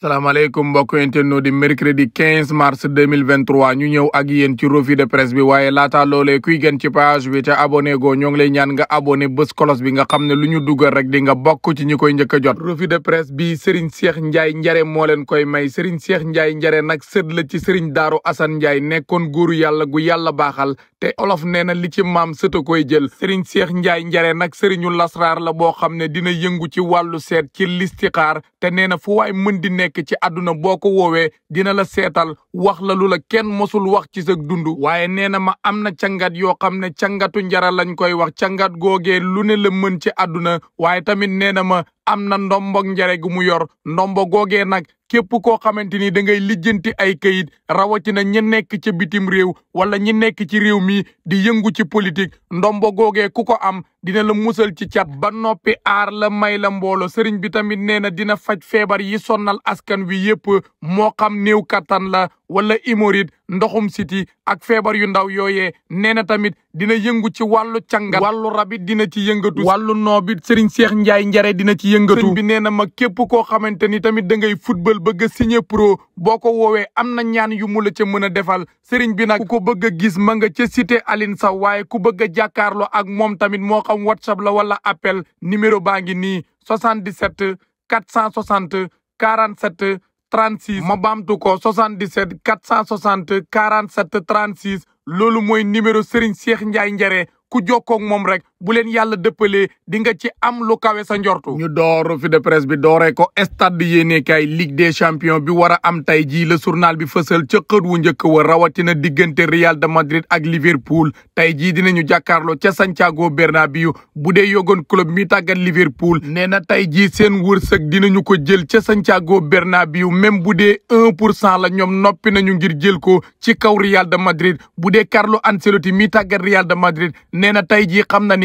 salaamaaleykum mbokk internet di mercredi 15 mars 2023 ñu ñëw ak yéen ci revue de presse bi waaye laata loolee kuy gën ci page bi te abonné goo ñoo ngi lay ñaan nga abonné bés kolos bi nga xam ne lu ñu dugal rek di nga bokk ci ñi koy njëkk a jot revue de presse bi Serigne Cheikh Ndiaye Njare moo leen koy may Serigne Cheikh Ndiaye Njare nag sët la ci Serigne Daaru Assane Ndiaye nekkoon góoru yàlla gu yàlla baaxal te olof nee na li ci maam sëta koy jël sëriñ seex njaay njare nag sëriñu lasraar la boo xam ne dina yëngu ci wàllu seet ci listixaar te nee na fu waay mën di nekk ci àdduna boo ko woowee dina la seetal wax la lu la kenn mosul wax ci sa dund waaye nee na ma am na cangat yoo xam ne cangatu njara lañ koy wax cangat googee lu ne la mën ci àdduna waaye tamit nee na ma am na ndombo njare gu mu yor ndombo googee nag képp koo xamante ni da ngay lijjanti ay kayit rawatina ñi nekk ci bitim réew wala ñi nekk ci réew mi di yëngu ci politique ndombo googee ku ko am dina la musal ci cat ba noppi aar la may la mboolo sëriñ bi tamit nee na dina faj feebar yi sonnal askan wi yépp moo xam néew kattan la wala imorit ndoxum siti ak feebar yu ndaw yooyee nee na tamit dina yëngu ci wàllu cangat wàllu rabit dina ci yëngatu wàllu noobit sëriñ Seex Njaay njare dina ci yëngatu sëriñ bi nee na ma képp koo xamante ni tamit da ngay football bëgg a signé pro boo ko woowee am na ñaan yu mu la ca mën a defal sëriñ bi nag ko bëgg a gis ma nga ca cité Aline Saw waaye ku bëgg a jàkkaarloo ak moom tamit xam whatsapp la wala appel numéro baa ngi nii 77 460 47 36 ma baamtu ko 77 460 47 36 loolu mooy numéro Serigne Cheikh Ndiaye Njare ku jokkoo ak moom rek bu leen yàlla dëppalee di nga ci am lu kawe sa njortu. ñu door revue de presse bi dooree ko stade yéenekaay ligue des champion bi war a am tey jii la surnal bi fësal ca xët wu njëkk wa rawatina diggante Real de Madrid ak Liverpool tey jii dinañu jàkkaarloo ca Santiago Bernabéu bu dee yogon club mi tàggat Liverpool. nee na tey jii seen wërsëg dinañu ko jël ca Santiago Bernabéu même bu dee un pour cent la ñoom noppi ñu ngir jël ko ci kaw Real de Madrid bu dee Carlo Ancelotti mi tàggat Real de Madrid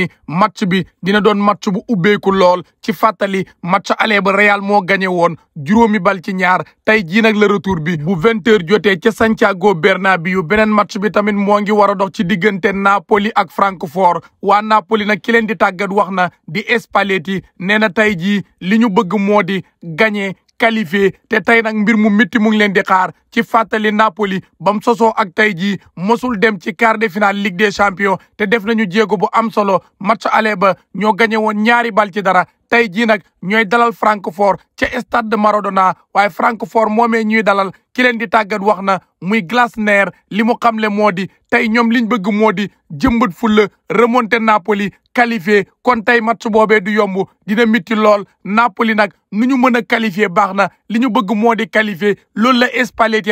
ni match bi dina doon match bu ubbeeku lool ci fàttali match aller ba Real moo gagné woon juróomi bal ci ñaar tey jii nag le retour bi bu vingt heures jotee ca Santiago Bernabéu beneen match bi tamit moo ngi war a dox ci diggante Napoli ak Francfort waa Napoli nag ki leen di tàggat wax na di Spalletti nee na tey jii li ñu bëgg moo di gagné qualifié te tey nag mbir mu métti mu ngi leen di ci fàttali Napoli ba mu sosoo ak tey jii mosul dem ci quart de finale Ligue des champions te def ñu jéego bu am solo match aller ba ñoo gagné ñaari bal ci dara tey jii nag ñooy dalal Francfort ca stade de Maradona waaye Francfort moomee ñuy dalal ki leen di tàggat wax na muy Glasner li mu xamle moo di tey ñoom liñ bëgg moo di jëmbat fulla remonter Napoli qualifié kon tey match boobee du yomb dina miti lool Napoli nag nu ñu mën a qualifié baax na li ñu bëgg moo di qualifier loolu la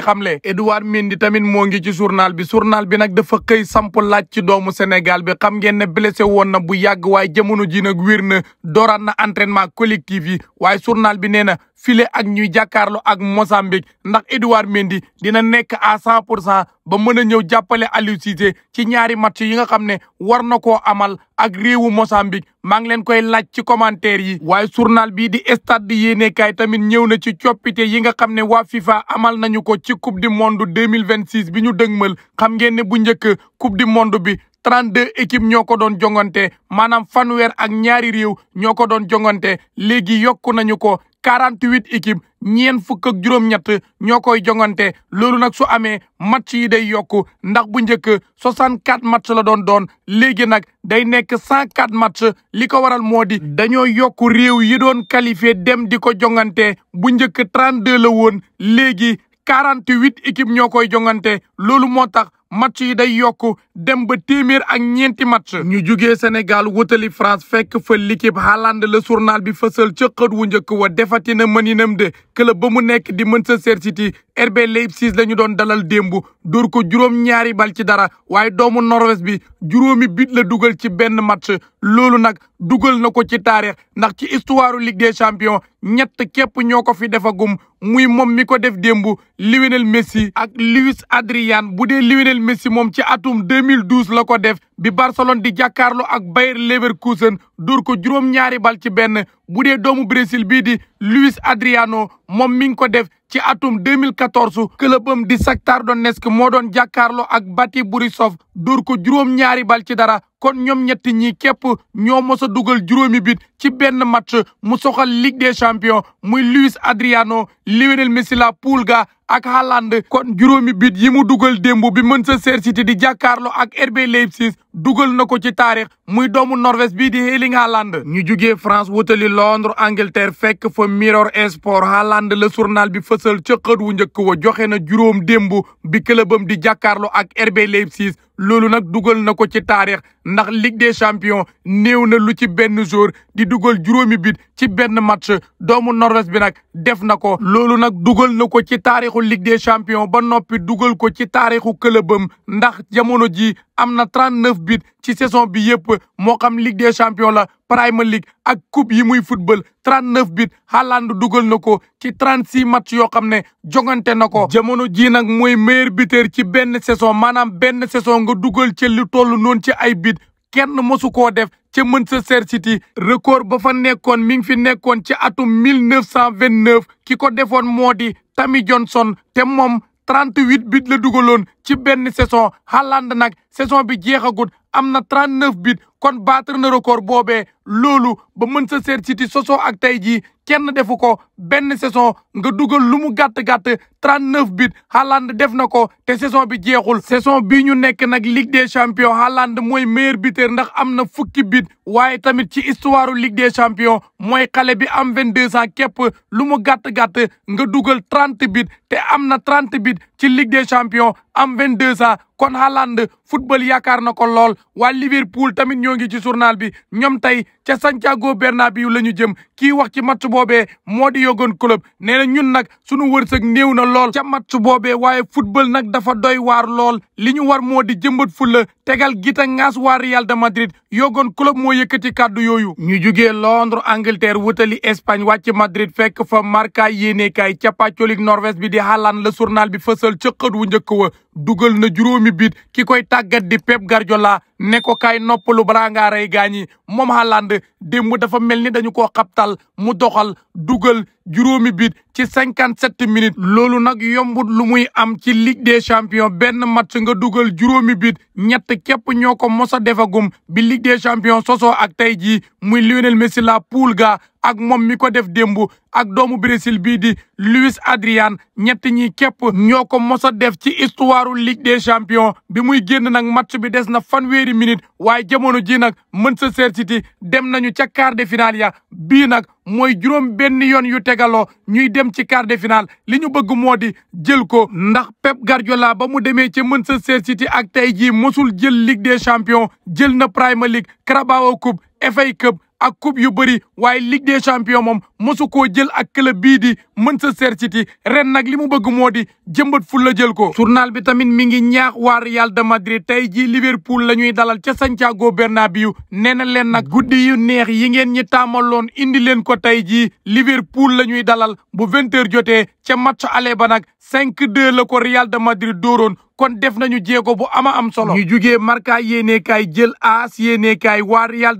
xam le Edouard Mendy tamit moo ngi ci journal bi journal bi nag dafa xëy samp laaj ci doomu Sénégal bi xam ngeen ne blessé woon na bu yàgg waaye jamono ji nag wér na dooraat na entraînement collectif yi waaye journal bi nee na file ak ñuy jàkkaarloo ak Mozambique ndax Edouard Mendy dina nekk à cent pour cent ba mën a ñëw jàppale Aliou ci ñaari match yi nga xam ne war na koo amal ak réewu Mozambique maa ngi leen koy laaj ci commentaire yi waaye journal bii di stade di yéenekaay tamit ñëw na ci coppite yi nga xam ne waa FIFA amal nañu ko ci coupe di monde deux mille vingt six bi ñu dëgmal xam ngeen ne bu njëkk coupe du monde bi. 32 équipes ñoo ko doon jongante maanaam fanweer ak ñaari réew ñoo ko doon jongante léegi yokku nañu ko 48 équipes ñeent fukk ak juróom-ñett ñoo koy jongante loolu nag su amee match yi day yokku ndax bu njëkk 64 match la doon doon léegi nag day nekk cent 104 match li ko waral moo di dañoo yokku réew yi doon qualifié dem di ko jongante bu njëkk 32 la woon léegi 48 équipes ñoo koy jongante loolu moo tax match yi day yokk dem ba téeméer ak ñeenti match ñu jugee Sénégal wutali France fekk fa l'équipe Haaland le journal bi fësal ca xët wu njëkk wa defati na mëninam de club ba mu nekk di Manchester City RB Leipzig la ñu doon dalal démb dóor ko juróom ñaari bal ci dara waaye doomu Norvège bi juróomi bit la dugal ci benn match loolu nag dugal na ko ci taarix ndax ci histoire Ligue des champions ñett képp ñoo ko fi defagum muy moom mi ko def démb Lionel Messi ak Luis Adrian bu dee Lionel Messi moom ci atum 2012 la ko def bi Barcelone di jàkkaarloo ak Bayer Leverkusen dóor ko juróom ñaari bal ci benn bu dee doomu Brésil bii di Luis Adriano moom mi ngi ko def ci atum 2014 clubam di Shakhtar Donetsk moo doon jàkkaarloo ak Bati Borisov dóor ko juróom ñaari bal ci dara kon ñoom ñett ñi képp ñoo mos a dugal juróomi bit ci benn match mu soxal Ligue des champions muy Luis Adriano Lionel Messi la Pulga ak Haaland kon juróomi bit yi mu dugal démb bi mën Manchester City di jàkkaarloo ak RB Leipzig dugal na ko ci taarix muy doomu Norvège bii di Erling Haaland ñu jugee France wotali Londres Angleterre fekk fo Mirror Sport Haaland la journal bi fësal ca xët wu njëkk wa joxe na juróom démb bi clubam di jàkkaarloo ak RB Leipzig loolu nag dugal na ko ci taarix ndax Ligue des champions néew na lu ci benn jour di dugal juróomi bit ci benn match doomu Norvège bi nag def na ko. loolu nag dugal na ko ci taarixu Ligue des champions ba noppi dugal ko ci taarixu këlëbam ndax jamono ji am na 39 buts ci saison bi yëpp moo xam Ligue des champions la Premier League ak coupe yi muy football 39 buts Haaland dugal na ko ci 36 match yoo xam ne jongante na ko. jamono jii nag mooy meilleur buteur ci benn saison maanaam benn saison nga dugal ci lu toll noonu ci ay buts kenn mosu koo def. ca Manchester City record ba fa nekkoon mi ngi fi nekkoon ci atum mille 1929 ki ko defoon moo di Tammy Johnson te moom 38 bit la dugaloon ci benn saison Haaland nag saison bi jeexagut am na 39 bit kon battre na record boobee loolu ba Manchester City sosoo ak tey jii kenn defu ko benn saison nga dugal lu mu gàtt gàtt 39 but Haaland def na ko te saison bi jeexul saison bi ñu nekk nag Ligue des champions Haaland mooy meilleur buteur ndax am na fukki but waaye tamit ci histoire Ligue des champions mooy xale bi am 22 ans képp lu mu gàtt gàtt nga dugal 30 but te am na 30 ci Ligue des champions am 22 ans kon Haaland football yaakaar na ko lool waa Liverpool tamit ñoo ngi ci journal bi ñoom tey ca Santiago Bernabéu la ñu jëm kii wax ci match boobee moo di Jürgen Klopp nee na ñun nag sunu wërsëg néew na lool ca match boobee waaye football nag dafa doy waar lool li ñu war moo di jëmbat fulla tegal gita ngaas waa Real de Madrid yogoon club moo yëkkati kàddu yooyu ñu jugee Londres Angleterre wutali Espagne wàcc Madrid fekk fa Marca ca cappacolik Norvège bi di Haaland la journal bi fësal ca wu njëkk wa dugal na juróomi bit ki koy tàggat di Pep Guardiola ne ko kaay noppalu balaa ngaa rey gaañi moom Haaland démb dafa mel ni dañu ko xaptal mu doxal dugal juróomi bit ci cinquante sept minutes. loolu nag yomb lu muy am ci Ligue des champions benn match nga dugal juróomi bit ñett képp ñoo ko mos a defagum bi Ligue des champions sosoo ak tey jii muy Lionel Messi la poule ga ak moom mi ko def démb ak doomu Brésil bii di Luis Adrian ñett ñi képp ñoo ko mos def ci histoire Ligue des champions bi muy génn nag match bi des na fanweeri minute waaye jamono ji nag mën Manchester City dem nañu ca quart de finale ya bii nag mooy juróom benn yoon yu tegaloo ñuy dem ci quart de finale li ñu bëgg moo di jël ko ndax Pep Guardiola ba mu demee ci mën Manchester City ak tey jii mosul jël Ligue des champions jël na Premier League Carabao Cup FA Cup ak coupe yu bëri waaye Ligue des champions moom mosu koo jël ak club bii di Manchester City ren nag li mu bëgg moo di jëmbat ful la jël ko. journal bi tamit mi ngi ñaax waa Real de Madrid tey jii Liverpool la ñuy dalal ca Santiago Bernabéu nee na leen nag guddi yu neex yi ngeen ñi tàmmaloon indi leen ko tey jii Liverpool la ñuy dalal bu vingt jotee ca mat aller ba nag cinq 2 la ko Real de Madrid dóoroon. kon def nañu jéego bu ama am solo. ñu jugee Marca yéenekaay jël AS yéenekaay waa Real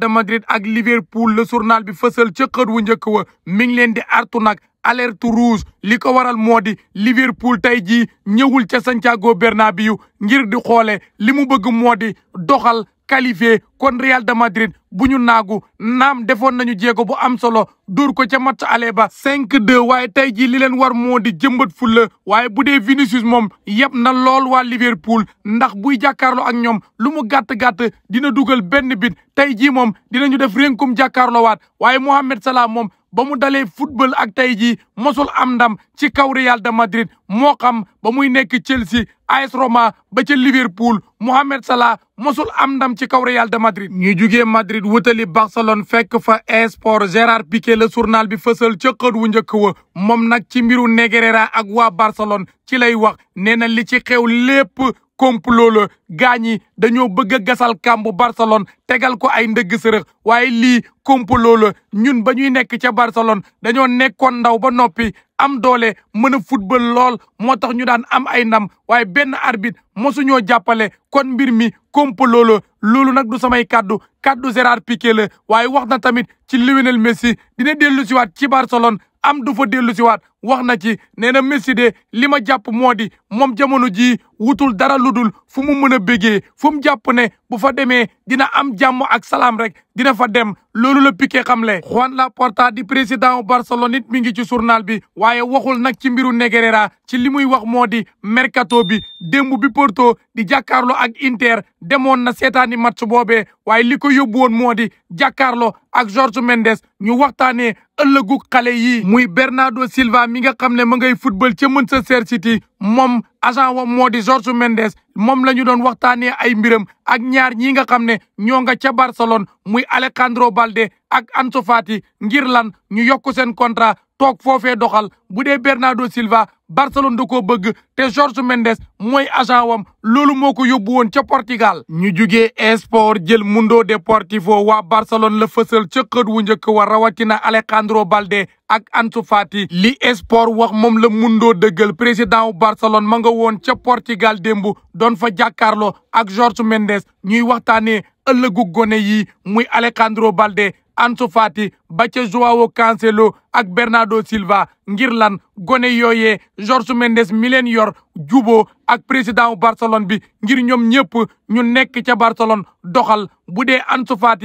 ak Liverpool. Pool le journal bi fësal ca xët wu njëkk wa mi ngi leen di artu nag alerte rouge li ko waral moo di Liverpool tey jii ñëwul ca Santiago Bernabéu ngir di xoole li mu bëgg moo di doxal qualifié kon Real de Madrid bu ñu naagu naam defoon nañu jéego bu am solo dóor ko ca match aller ba 5-2 waaye tey jii li leen war moo di jëmbat fulla waaye bu dee Vinicius moom yeb na lool waa Liverpool ndax buy jàkkaarloo ak ñoom lu mu gàtt-gàtt dina dugal benn bit tey jii moom dinañu def rénkum jàkkaarloo waat waaye Mohamed Salah moom ba mu dalee football ak tey jii mosul am ndam ci kaw Real de Madrid moo xam ba muy nekk Chelsea AS Roma ba ca Liverpool Mohamed Salah mosul am ndam ci kaw Real de Madrid. ñu jugee Madrid wutali Barcelone fekk fa Esport Gérard Piqué la journal bi fësal ca xët wu njëkk wa moom nag ci mbiru Negreira ak waa Barcelone ci lay wax nee na li ci xew lépp. complot la gaañ yi dañoo bëgg a gasal kàmbu Barcelone tegal ko ay ndëgg sërëx waaye lii complot la ñun ba ñuy nekk ca Barcelone dañoo nekkoon ndaw ba noppi am doole mën a football lool moo tax ñu daan am ay ndam waaye benn arbitre mosuñoo jàppale kon mbir mi complot la loolu nag du samay kaddu kaddu Gérard Piqué la waaye wax na tamit ci Lionel Messi dina dellu siwaat ci Barcelone am du fa dellu siwaat wax na ci nee na Messi de li ma jàpp moo di moom jamono jii wutul dara ludul fu mu mën a bégee fu jàpp ne bu fa demee dina am jàmm ak salaam rek dina fa dem loolu la Piqué xamle Juan Laporta di président u Barcelone it mi ngi ci journal bi waaye waxul nag ci mbiru Negreira ci li muy wax moo di mercato bi démb bi Porto di jàkkaarloo ak Inter demoon na seetaani match boobee waaye li ko yóbbu woon moo di jàkkaarloo ak George Mendes ñu waxtaanee ëllëgu xale yi muy Bernardo Silva mi nga xam ne ma ngay football ca Manchester City moom agent wam moo di George Mendes moom la ñu doon waxtaanee ay mbiram ak ñaar ñi nga xam ne ñoo nga ca Barcelone muy Alejandro Balde ak Ansu ngir lan ñu yokk seen contrat toog foofe doxal bu dee Bernardo Silva Barcelone da koo bëgg te Jorge Mendes mooy agent wam loolu moo ko yóbbu woon ca portigal ñu juge esport jël Mundo Deportivo wa Barcelone la fësal ca wu njëkk wa rawatina Alejandro Balde ak Ansu Fati. li espor wax moom la Mundo dëggal président wu Barcelone ma nga woon ca Portugal démb doon fa jàkkaarloo ak Jorge Mendes ñuy waxtaanee ëllëgu gone yi muy Alejandro Balde Ansu Fati ba ca Joao Cancelo ak Bernardo Silva. ngir lan gone yooyee George Mendes mi leen yor juboo ak président wu Barcelone bi ngir ñoom ñëpp ñu nekk ca Barcelone doxal bu dee Ansu ak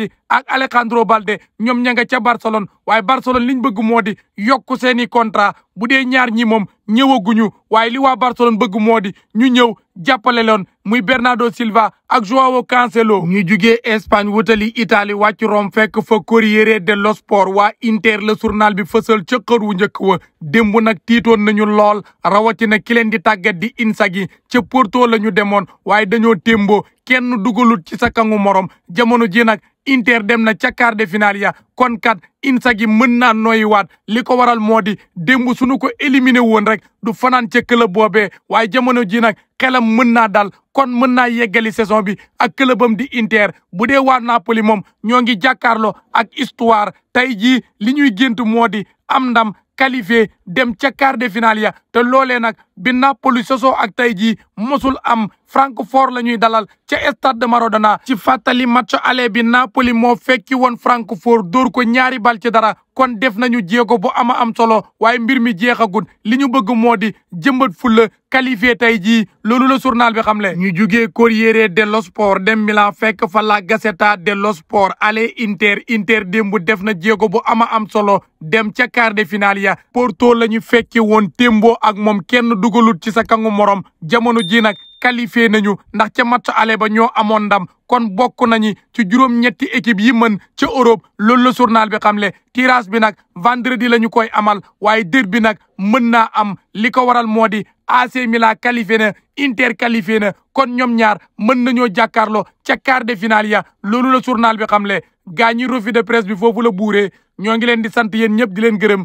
Alejandro Balde ñoom ña nga ca Barcelone waaye Barcelone liñ bëgg moo di yokku seen i contrat bu dee ñaar ñi moom ñëwaguñu waaye li waa Barcelone bëgg moo di ñu ñëw jàppale leen muy Bernardo Silva ak Joao Cancelo. ñu jugee Espagne wutali Italie wàcc Rome fekk fa Corriere dello Sport waa Inter la surnal bi fësal ca wu njëkk wa démb nag tiitoon nañu lool rawatina ki leen di tàggat di INSA gi ca Porto la ñu demoon waaye dañoo témboo kenn dugalut ci sa kangu morom jamono ji nag Inter dem na ca quart de finale ya kon kat INSA gi mën naa noyyiwaat li ko waral moo di démb suñu ko éliminé woon rek du fanaan ca club boobe waaye jamono ji nag xelam mën naa dal kon mën naa yeggali saison bi ak clubam di Inter bu dee waa Napoli moom ñoo ngi jàkkaarloo ak histoire tey jii li ñuy gént moo di am ndam qualifié dem ca quart de finale ya te loolee nag bi Napoli sosoo ak tey jii mosul am Francfort la ñuy dalal ca stat de maro Maradona ci fàttali match aller bi Napoli moo fekki woon Francfort dóor ko ñaari bal dara kon def nañu jéego bu ama am solo waaye mbir mi jeexagul li ñu bëgg moo di jëmbat fulla qualifié tey jii loolu la journal bi xamle ñu jugee Corriere dello Sport dem Milan fekk fala la Gazzetta dello Sport aller Inter Inter démb def na jéego bu ama am solo dem ca quart de finale ya Porto la ñu fekke woon témboo ak moom kenn dugalut ci sa kangu morom jamono ji nag qualifié nañu ndax ca match ale ba ñoo amoon ndam kon bokk nañu ci juróom-ñetti équipe yi mën ci Europe loolu la journal bi xamle tirage bi nag vendredi la ñu koy amal waaye derby bi nag mën naa am li ko waral moo di AC Milan qualifié na Inter qualifié na kon ñoom ñaar mën nañoo jàkkaarloo ca quart de finale ya loolu la journal bi xamle gaa ñi revue de presse bi foofu la buuree ñoo ngi leen di sant yéen ñëpp di leen gërëm